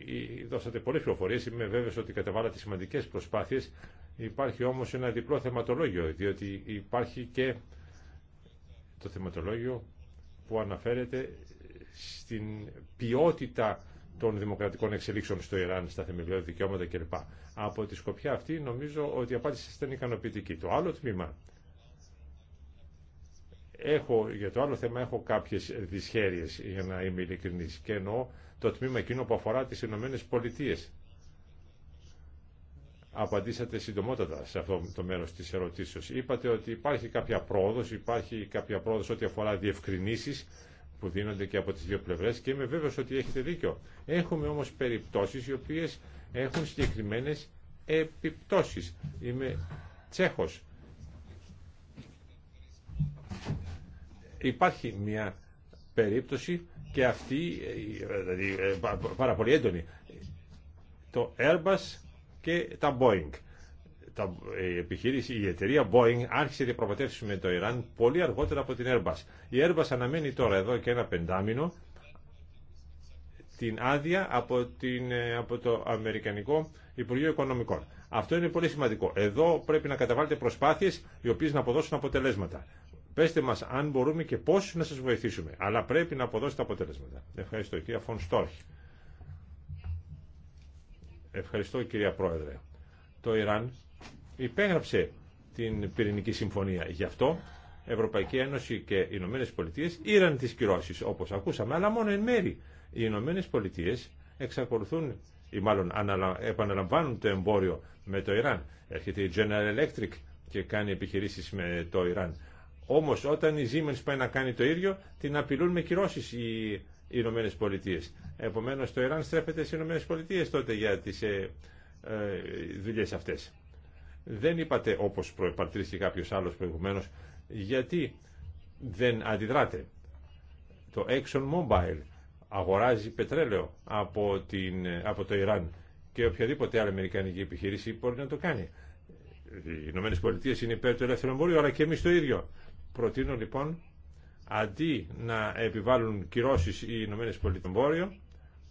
δώσατε πολλές πληροφορίες, είμαι βέβαιος ότι καταβάλατε σημαντικές προσπάθειες. Υπάρχει όμως ένα διπλό θεματολόγιο, διότι υπάρχει και το θεματολόγιο που αναφέρεται στην ποιότητα των δημοκρατικών εξελίξεων στο Ιράν, στα θεμελιώδη δικαιώματα κλπ. Από τη σκοπιά αυτή νομίζω ότι η απάντηση ήταν ικανοποιητική. Το άλλο τμήμα, έχω, για το άλλο θέμα έχω κάποιες δυσχέρειες για να είμαι ειλικρινής και εννοώ το τμήμα εκείνο που αφορά τις Ηνωμένε Πολιτείες. Απαντήσατε συντομότατα σε αυτό το μέρος της ερωτήσεως. Είπατε ότι υπάρχει κάποια πρόοδος, υπάρχει κάποια πρόοδος ό,τι αφορά διευκρινήσεις που δίνονται και από τις δύο πλευρές και είμαι βέβαιος ότι έχετε δίκιο. Έχουμε όμως περιπτώσεις οι οποίες έχουν συγκεκριμένες επιπτώσεις. Είμαι Τσέχος. Υπάρχει μια περίπτωση και αυτή, ε, δηλαδή ε, πάρα πολύ έντονη, το Airbus και τα Boeing. Τα, η η εταιρεία Boeing άρχισε διαπραγματεύσει με το Ιράν πολύ αργότερα από την Airbus. Η Airbus αναμένει τώρα εδώ και ένα πεντάμινο την άδεια από, την, ε, από το Αμερικανικό Υπουργείο Οικονομικών. Αυτό είναι πολύ σημαντικό. Εδώ πρέπει να καταβάλλετε προσπάθειες οι οποίες να αποδώσουν αποτελέσματα. Πέστε μα αν μπορούμε και πώ να σα βοηθήσουμε. Αλλά πρέπει να αποδώσετε αποτέλεσματα. Ευχαριστώ κυρία Φων Στόρχη. Ευχαριστώ κυρία Πρόεδρε. Το Ιράν υπέγραψε την πυρηνική συμφωνία. Γι' αυτό Ευρωπαϊκή Ένωση και οι Ηνωμένε Πολιτείε ήραν τι κυρώσει, όπω ακούσαμε, αλλά μόνο εν μέρη. Οι Ηνωμένε Πολιτείε εξακολουθούν ή μάλλον επαναλαμβάνουν το εμπόριο με το Ιράν. Έρχεται η General Electric και κάνει επιχειρήσει με το Ιράν. Όμω, όταν η Siemens πάει να κάνει το ίδιο, την απειλούν με κυρώσει οι Ηνωμένε Πολιτείε. Επομένω, το Ιράν στρέφεται στι Ηνωμένε Πολιτείε τότε για τι ε, ε, αυτές. Δεν είπατε, όπω προπαρτρίστηκε κάποιο άλλο προηγουμένω, γιατί δεν αντιδράτε. Το Exxon Mobile αγοράζει πετρέλαιο από, την, από το Ιράν και οποιαδήποτε άλλη αμερικανική επιχείρηση μπορεί να το κάνει. Οι Ηνωμένε Πολιτείε είναι υπέρ του ελεύθερου εμπορίου, αλλά και εμεί το ίδιο. Προτείνω λοιπόν αντί να επιβάλλουν κυρώσεις οι Ηνωμένες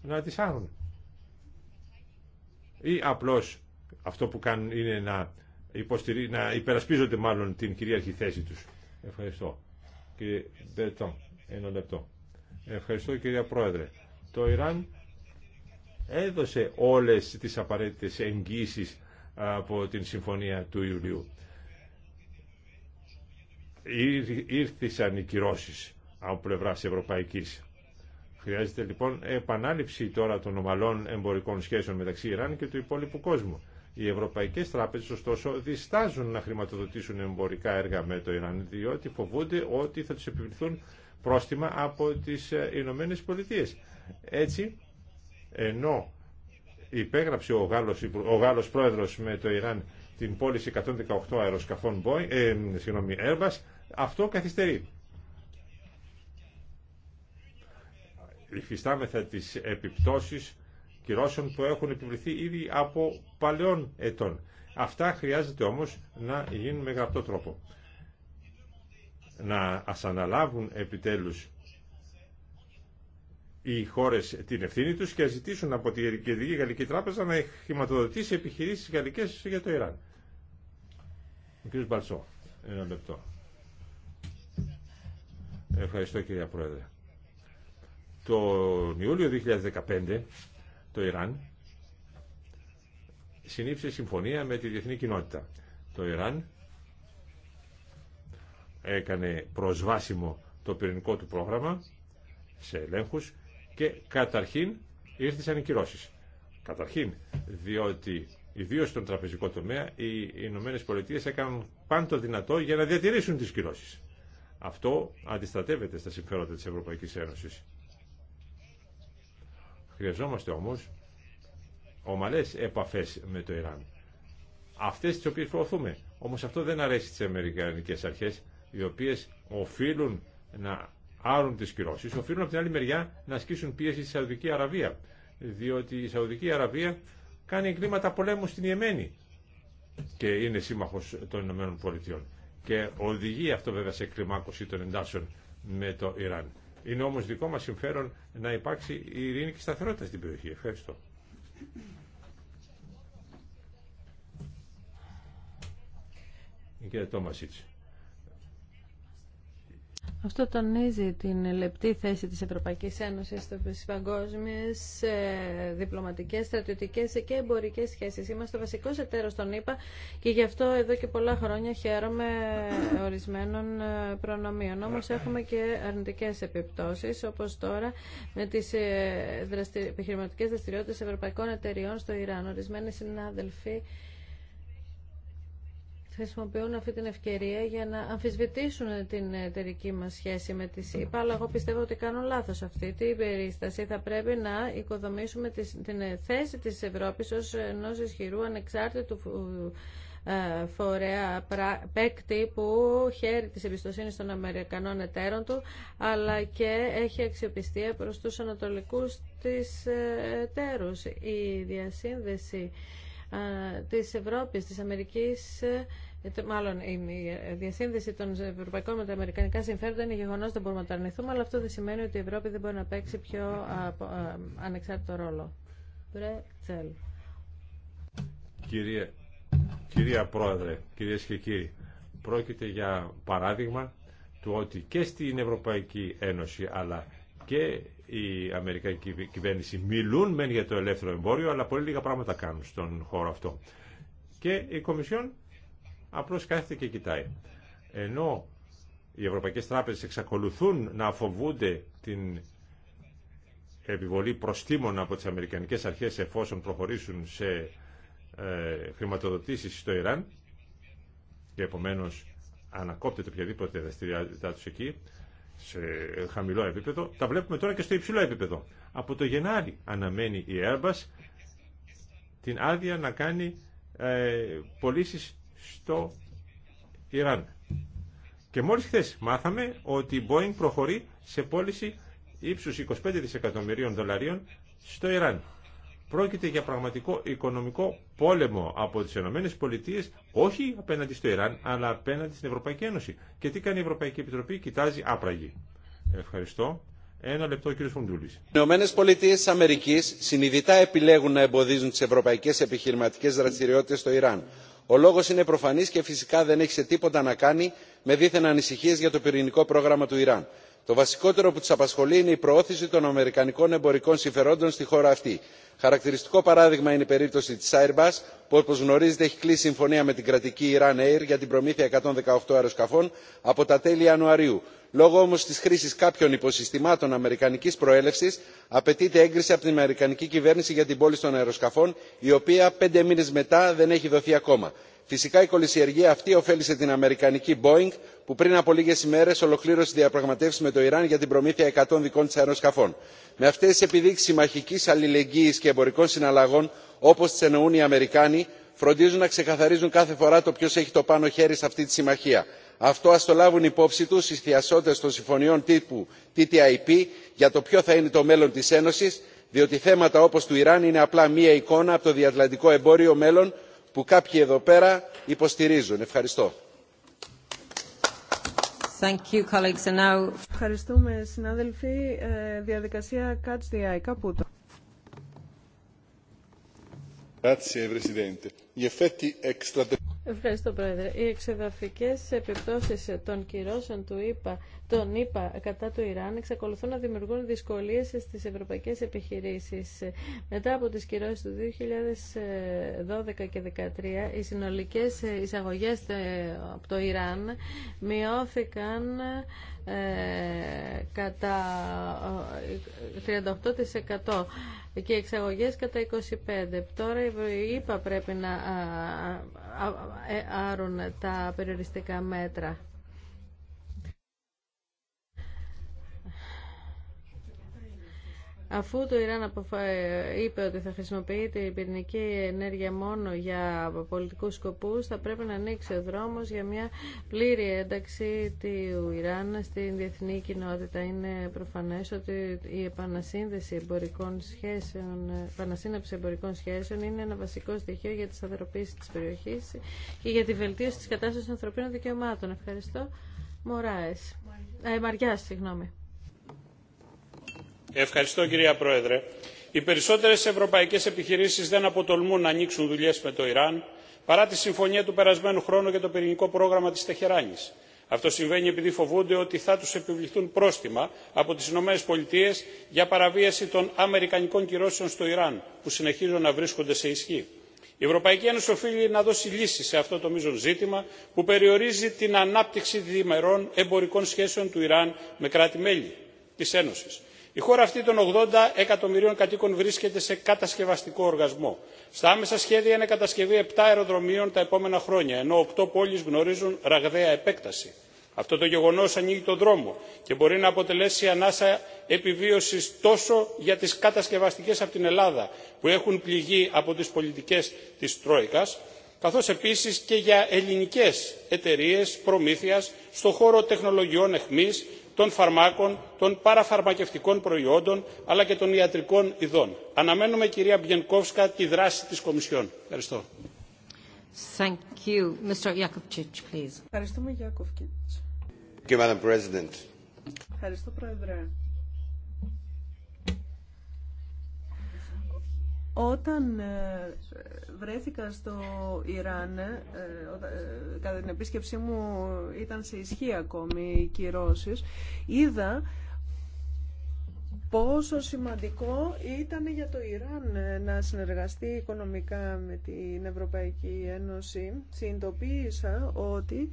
να τις άρουν. Ή απλώς αυτό που κάνουν είναι να, να υπερασπίζονται μάλλον την κυρίαρχη θέση τους. Ευχαριστώ. Κύριε Μπερτό, ένα λεπτό. Ευχαριστώ κυρία Πρόεδρε. Το Ιράν έδωσε όλες τις απαραίτητες εγγύσεις από την Συμφωνία του Ιουλίου ήρθησαν οι κυρώσεις από πλευρά Ευρωπαϊκής. Χρειάζεται λοιπόν επανάληψη τώρα των ομαλών εμπορικών σχέσεων μεταξύ Ιράν και του υπόλοιπου κόσμου. Οι ευρωπαϊκέ τράπεζε, ωστόσο, διστάζουν να χρηματοδοτήσουν εμπορικά έργα με το Ιράν, διότι φοβούνται ότι θα του επιβληθούν πρόστιμα από τι ε, Ηνωμένε Πολιτείε. Έτσι, ενώ υπέγραψε ο Γάλλος, ο Γάλλος πρόεδρος με το Ιράν την πώληση 118 αεροσκαφών Boeing, ε, συγγνώμη, Airbus, αυτό καθυστερεί. Υφιστάμεθα τις επιπτώσεις κυρώσεων που έχουν επιβληθεί ήδη από παλαιών ετών. Αυτά χρειάζεται όμως να γίνουν με γραπτό τρόπο. Να ασαναλάβουν αναλάβουν επιτέλους οι χώρες την ευθύνη τους και ζητήσουν από τη Κεντρική Γαλλική Τράπεζα να χρηματοδοτήσει επιχειρήσεις γαλλικές για το Ιράν. Ο κ. Μπαλσό, ένα λεπτό. Ευχαριστώ κυρία Πρόεδρε. Το Ιούλιο 2015 το Ιράν συνήψε συμφωνία με τη διεθνή κοινότητα. Το Ιράν έκανε προσβάσιμο το πυρηνικό του πρόγραμμα σε ελέγχους και καταρχήν ήρθαν οι κυρώσεις. Καταρχήν, διότι ιδίω στον τραπεζικό τομέα οι Ηνωμένε Πολιτείε έκαναν πάντο δυνατό για να διατηρήσουν τις κυρώσεις. Αυτό αντιστατεύεται στα συμφέροντα της Ευρωπαϊκής Ένωσης. Χρειαζόμαστε όμως ομαλές επαφές με το Ιράν. Αυτές τις οποίες προωθούμε. Όμως αυτό δεν αρέσει τις Αμερικανικές αρχές, οι οποίες οφείλουν να άρουν τις κυρώσεις, οφείλουν από την άλλη μεριά να ασκήσουν πίεση στη Σαουδική Αραβία. Διότι η Σαουδική Αραβία κάνει εγκλήματα πολέμου στην Ιεμένη και είναι σύμμαχος των Ηνωμένων Πολιτειών και οδηγεί αυτό βέβαια σε κλιμάκωση των εντάσεων με το Ιράν. Είναι όμως δικό μας συμφέρον να υπάρξει η ειρήνη και σταθερότητα στην περιοχή. Ευχαριστώ. Η Τόμασίτς. Αυτό τονίζει την λεπτή θέση της Ευρωπαϊκής Ένωσης στις παγκόσμιες ε, διπλωματικές, στρατιωτικές και εμπορικές σχέσεις. Είμαστε βασικός εταίρος των ΗΠΑ και γι' αυτό εδώ και πολλά χρόνια χαίρομαι ε, ορισμένων ε, προνομίων. Όμως έχουμε και αρνητικές επιπτώσεις, όπως τώρα με τις επιχειρηματικέ επιχειρηματικές δραστηριότητες ευρωπαϊκών εταιριών στο Ιράν. Ορισμένοι συνάδελφοι χρησιμοποιούν αυτή την ευκαιρία για να αμφισβητήσουν την εταιρική μας σχέση με τη ΣΥΠΑ, αλλά εγώ πιστεύω ότι κάνω λάθος αυτή την περίσταση. Θα πρέπει να οικοδομήσουμε την θέση της Ευρώπης ως ενό ισχυρού ανεξάρτητου ε, φορέα παίκτη που χαίρει τη εμπιστοσύνη των Αμερικανών εταίρων του αλλά και έχει αξιοπιστία προς τους ανατολικούς της ε, εταίρους. Η διασύνδεση της Ευρώπης, της Αμερικής, ε, μάλλον η διασύνδεση των ευρωπαϊκών με τα αμερικανικά συμφέροντα είναι γεγονός, δεν μπορούμε να το αρνηθούμε, αλλά αυτό δεν σημαίνει ότι η Ευρώπη δεν μπορεί να παίξει πιο ανεξάρτητο ρόλο. Κυρία, κυρία Πρόεδρε, κυρίες και κύριοι, πρόκειται για παράδειγμα του ότι και στην Ευρωπαϊκή Ένωση αλλά και η Αμερικανική κυβέρνηση μιλούν μεν για το ελεύθερο εμπόριο, αλλά πολύ λίγα πράγματα κάνουν στον χώρο αυτό. Και η Κομισιόν απλώς κάθεται και κοιτάει. Ενώ οι ευρωπαϊκές τράπεζες εξακολουθούν να φοβούνται την επιβολή προστήμων από τις αμερικανικές αρχές εφόσον προχωρήσουν σε ε, χρηματοδοτήσεις στο Ιράν και επομένως ανακόπτεται οποιαδήποτε δραστηριότητά τους εκεί, σε χαμηλό επίπεδο, τα βλέπουμε τώρα και στο υψηλό επίπεδο. Από το Γενάρη αναμένει η Airbus την άδεια να κάνει ε, πωλήσει στο Ιράν. Και μόλις χθε μάθαμε ότι η Boeing προχωρεί σε πώληση ύψους 25 δισεκατομμυρίων δολαρίων στο Ιράν. Πρόκειται για πραγματικό οικονομικό πόλεμο από τις ΗΠΑ, όχι απέναντι στο Ιράν, αλλά απέναντι στην Ευρωπαϊκή Ένωση. Και τι κάνει η Ευρωπαϊκή Επιτροπή, κοιτάζει άπραγη. Ευχαριστώ. Ένα λεπτό, κύριο Φουντούλη. Οι Ηνωμένε Πολιτείε τη Αμερική συνειδητά επιλέγουν να εμποδίζουν τι ευρωπαϊκέ επιχειρηματικέ δραστηριότητε στο Ιράν. Ο λόγο είναι προφανή και φυσικά δεν έχει σε τίποτα να κάνει με δίθεν ανησυχίε για το πυρηνικό πρόγραμμα του Ιράν το βασικότερο που του απασχολεί είναι η προώθηση των αμερικανικών εμπορικών συμφερόντων στη χώρα αυτή. χαρακτηριστικό παράδειγμα είναι η περίπτωση τη airbus που όπω γνωρίζετε έχει κλείσει συμφωνία με την κρατική iran air για την προμήθεια 118 αεροσκαφών από τα τέλη ιανουαρίου. λόγω όμω τη χρήση κάποιων υποσυστημάτων αμερικανική προέλευση απαιτείται έγκριση από την αμερικανική κυβέρνηση για την πώληση των αεροσκαφών η οποία πέντε μήνε μετά δεν έχει δοθεί ακόμα φυσικά η κολυσιεργία αυτή ωφέλισε την αμερικανική boeing που πριν από λίγες ημέρες ολοκλήρωσε διαπραγματεύσεις με το ιράν για την προμήθεια εκατό δικών της αεροσκαφών. με αυτές τις επιδείξεις συμμαχικής αλληλεγγύης και εμπορικών συναλλαγών όπως τις εννοούν οι αμερικάνοι φροντίζουν να ξεκαθαρίζουν κάθε φορά το ποιος έχει το πάνω χέρι σε αυτή τη συμμαχία. αυτό ας το λάβουν υπόψη τους οι θειασότες των συμφωνιών τύπου ttip για το ποιο θα είναι το μέλλον τη Ένωση, διότι θέματα όπω του ιράν είναι απλά μία εικόνα από το διατλαντικό εμπόριο μέλλον που κάποιοι εδώ πέρα υποστηρίζουν. Ευχαριστώ. Thank you, colleagues. And now... Ευχαριστούμε, συνάδελφοι. Ε, διαδικασία Catch the Eye. Καπούτο. Ευχαριστώ, Πρόεδρε. Οι εξεδαφικές επιπτώσεις των κυρώσεων του ΙΠΑ τον είπα, κατά το Ιράν εξακολουθούν να δημιουργούν δυσκολίες στις ευρωπαϊκές επιχειρήσεις. Μετά από τις κυρώσεις του 2012 και 2013, οι συνολικές εισαγωγές από το Ιράν μειώθηκαν ε, κατά 38% ε, και οι εξαγωγές κατά 25%. Τώρα οι ΗΠΑ πρέπει να άρουν τα περιοριστικά μέτρα. Αφού το Ιράν ε, είπε ότι θα χρησιμοποιεί την πυρηνική ενέργεια μόνο για πολιτικούς σκοπούς, θα πρέπει να ανοίξει ο δρόμος για μια πλήρη ένταξη του Ιράν στην διεθνή κοινότητα. Είναι προφανές ότι η επανασύνδεση εμπορικών σχέσεων, επανασύνδεση εμπορικών σχέσεων είναι ένα βασικό στοιχείο για τη σταθεροποίηση της περιοχής και για τη βελτίωση της κατάστασης των ανθρωπίνων δικαιωμάτων. Ευχαριστώ. Μωράες. Ε, συγγνώμη. Ευχαριστώ κυρία Πρόεδρε. Οι περισσότερε ευρωπαϊκέ επιχειρήσει δεν αποτολμούν να ανοίξουν δουλειέ με το Ιράν παρά τη συμφωνία του περασμένου χρόνου για το πυρηνικό πρόγραμμα τη Τεχεράνη. Αυτό συμβαίνει επειδή φοβούνται ότι θα του επιβληθούν πρόστιμα από τι Ηνωμένε Πολιτείε για παραβίαση των αμερικανικών κυρώσεων στο Ιράν που συνεχίζουν να βρίσκονται σε ισχύ. Η Ευρωπαϊκή Ένωση οφείλει να δώσει λύση σε αυτό το μείζον ζήτημα που περιορίζει την ανάπτυξη διμερών εμπορικών σχέσεων του Ιράν με κράτη-μέλη τη Ένωση. Η χώρα αυτή των 80 εκατομμυρίων κατοίκων βρίσκεται σε κατασκευαστικό οργασμό. Στα άμεσα σχέδια είναι κατασκευή 7 αεροδρομίων τα επόμενα χρόνια, ενώ 8 πόλει γνωρίζουν ραγδαία επέκταση. Αυτό το γεγονό ανοίγει τον δρόμο και μπορεί να αποτελέσει ανάσα επιβίωση τόσο για τι κατασκευαστικέ από την Ελλάδα που έχουν πληγεί από τι πολιτικέ τη Τρόικας, καθώ επίση και για ελληνικέ εταιρείε προμήθεια στον χώρο τεχνολογιών εχμής των φαρμάκων των παραφαρμακευτικών προϊόντων αλλά και των ιατρικών ειδών. αναμένουμε κυρία μπιενκόφσκα τη δράση της κομισιόν. ευχαριστώ. Όταν ε, βρέθηκα στο Ιράν, ε, ε, κατά την επίσκεψή μου ήταν σε ισχύ ακόμη οι κυρώσεις, είδα πόσο σημαντικό ήταν για το Ιράν να συνεργαστεί οικονομικά με την Ευρωπαϊκή Ένωση. Συνειδητοποίησα ότι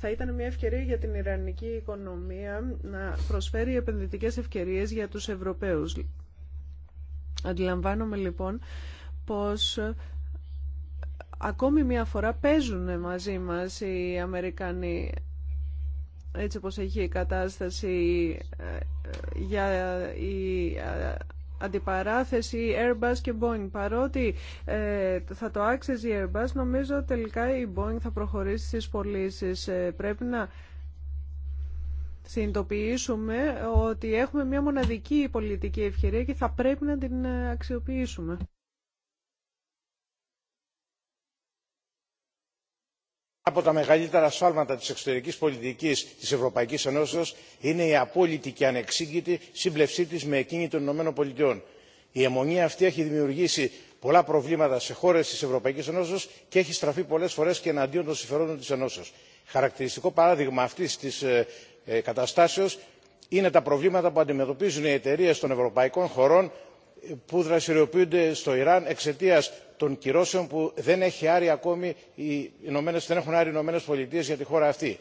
θα ήταν μια ευκαιρία για την Ιρανική οικονομία να προσφέρει επενδυτικές ευκαιρίες για τους Ευρωπαίους. Αντιλαμβάνομαι λοιπόν πως ακόμη μια φορά παίζουν μαζί μας οι Αμερικανοί έτσι όπως έχει η κατάσταση ε, ε, για η ε, αντιπαράθεση Airbus και Boeing. Παρότι ε, θα το άξιζε η Airbus, νομίζω τελικά η Boeing θα προχωρήσει στις πωλήσει. Ε, πρέπει να συνειδητοποιήσουμε ότι έχουμε μια μοναδική πολιτική ευκαιρία και θα πρέπει να την ε, αξιοποιήσουμε. από τα μεγαλύτερα σφάλματα της εξωτερικής πολιτικής της ευρωπαϊκής ενώσεως είναι η απόλυτη και ανεξήγητη σύμπλευσή της με εκείνη των ηνωμένων πολιτειών. η αιμονία αυτή έχει δημιουργήσει πολλά προβλήματα σε χώρες της ευρωπαϊκής ενώσεως και έχει στραφεί πολλές φορές και εναντίον των συμφερόντων της ενώσεως. χαρακτηριστικό παράδειγμα αυτής της ε, ε, καταστάσεως είναι τα προβλήματα που αντιμετωπίζουν οι εταιρείε των ευρωπαϊκών χωρών που δραστηριοποιούνται στο Ιράν εξαιτία των κυρώσεων που δεν, έχει ακόμη οι δεν έχουν άρει οι Ηνωμένε Πολιτείε για τη χώρα αυτή.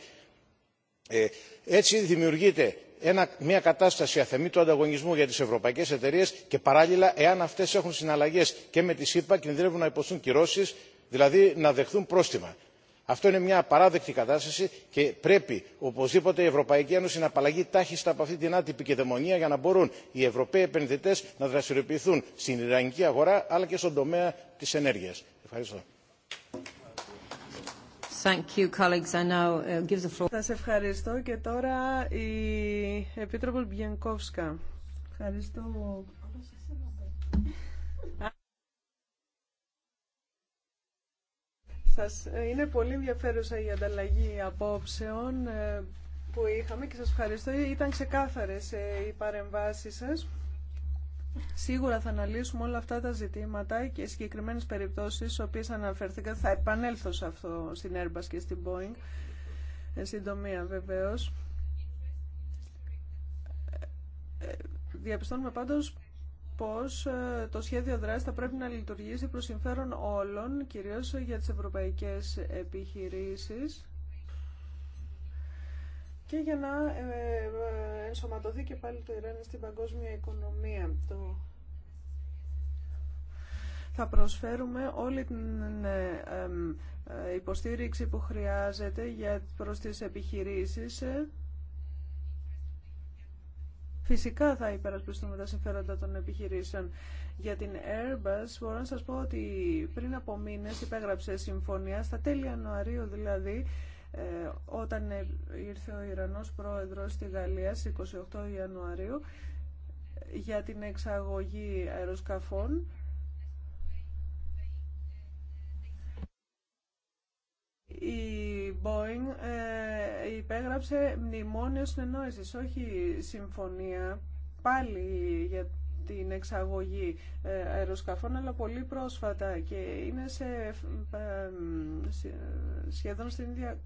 Ε, έτσι δημιουργείται μια κατάσταση αθεμίτου ανταγωνισμού για τις ευρωπαϊκές εταιρείε και παράλληλα εάν αυτές έχουν συναλλαγές και με τη ηπα κινδυνεύουν να υποστούν κυρώσει, δηλαδή να δεχθούν πρόστιμα αυτό είναι μια απαράδεκτη κατάσταση και πρέπει οπωσδήποτε η ευρωπαϊκή ένωση να απαλλαγεί τάχιστα από αυτή την άτυπη κυδαιμονία για να μπορούν οι ευρωπαίοι επενδυτέ να δραστηριοποιηθούν στην ιρανική αγορά αλλά και στον τομέα τη ενέργεια. Ευχαριστώ. Thank you, uh, ευχαριστώ και τώρα η Σας, ε, είναι πολύ ενδιαφέρουσα η ανταλλαγή απόψεων ε, που είχαμε και σας ευχαριστώ. Ήταν ξεκάθαρες ε, οι παρεμβάσεις σας. Σίγουρα θα αναλύσουμε όλα αυτά τα ζητήματα και συγκεκριμένε περιπτώσεις στις οποίες αναφέρθηκα. Θα επανέλθω σε αυτό στην Airbus και στην Boeing. Εν συντομία βεβαίως. Διαπιστώνουμε πάντως πως ε, το σχέδιο δράση θα πρέπει να λειτουργήσει προς συμφέρον όλων, κυρίως για τις ευρωπαϊκές επιχειρήσεις και για να ε, ε, ενσωματωθεί και πάλι το Ιράν στην παγκόσμια οικονομία. Θα προσφέρουμε όλη την υποστήριξη που χρειάζεται για προς τις επιχειρήσεις φυσικά θα υπερασπιστούμε τα συμφέροντα των επιχειρήσεων. Για την Airbus μπορώ να σας πω ότι πριν από μήνες υπέγραψε συμφωνία, στα τέλη Ιανουαρίου δηλαδή, ε, όταν ε, ήρθε ο Ιρανός πρόεδρος στη Γαλλία στις 28 Ιανουαρίου για την εξαγωγή αεροσκαφών η Boeing ε, υπέγραψε μνημόνιο συνεννόησης, όχι συμφωνία, πάλι για την εξαγωγή ε, αεροσκαφών, αλλά πολύ πρόσφατα και είναι ε, σε, σχεδόν στην ίδια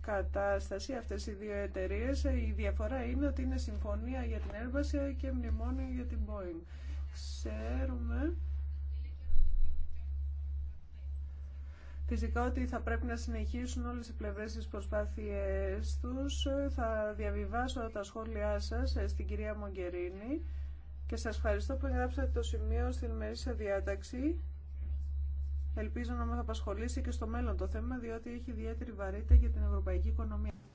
κατάσταση αυτές οι δύο εταιρείες. Ε, η διαφορά είναι ότι είναι συμφωνία για την Airbus και μνημόνιο για την Boeing. Ξέρουμε Φυσικά ότι θα πρέπει να συνεχίσουν όλες οι πλευρές τις προσπάθειές τους. Θα διαβιβάσω τα σχόλιά σας ε, στην κυρία Μογκερίνη και σας ευχαριστώ που γράψατε το σημείο στην μερίσια διάταξη. Ελπίζω να μας απασχολήσει και στο μέλλον το θέμα, διότι έχει ιδιαίτερη βαρύτητα για την ευρωπαϊκή οικονομία.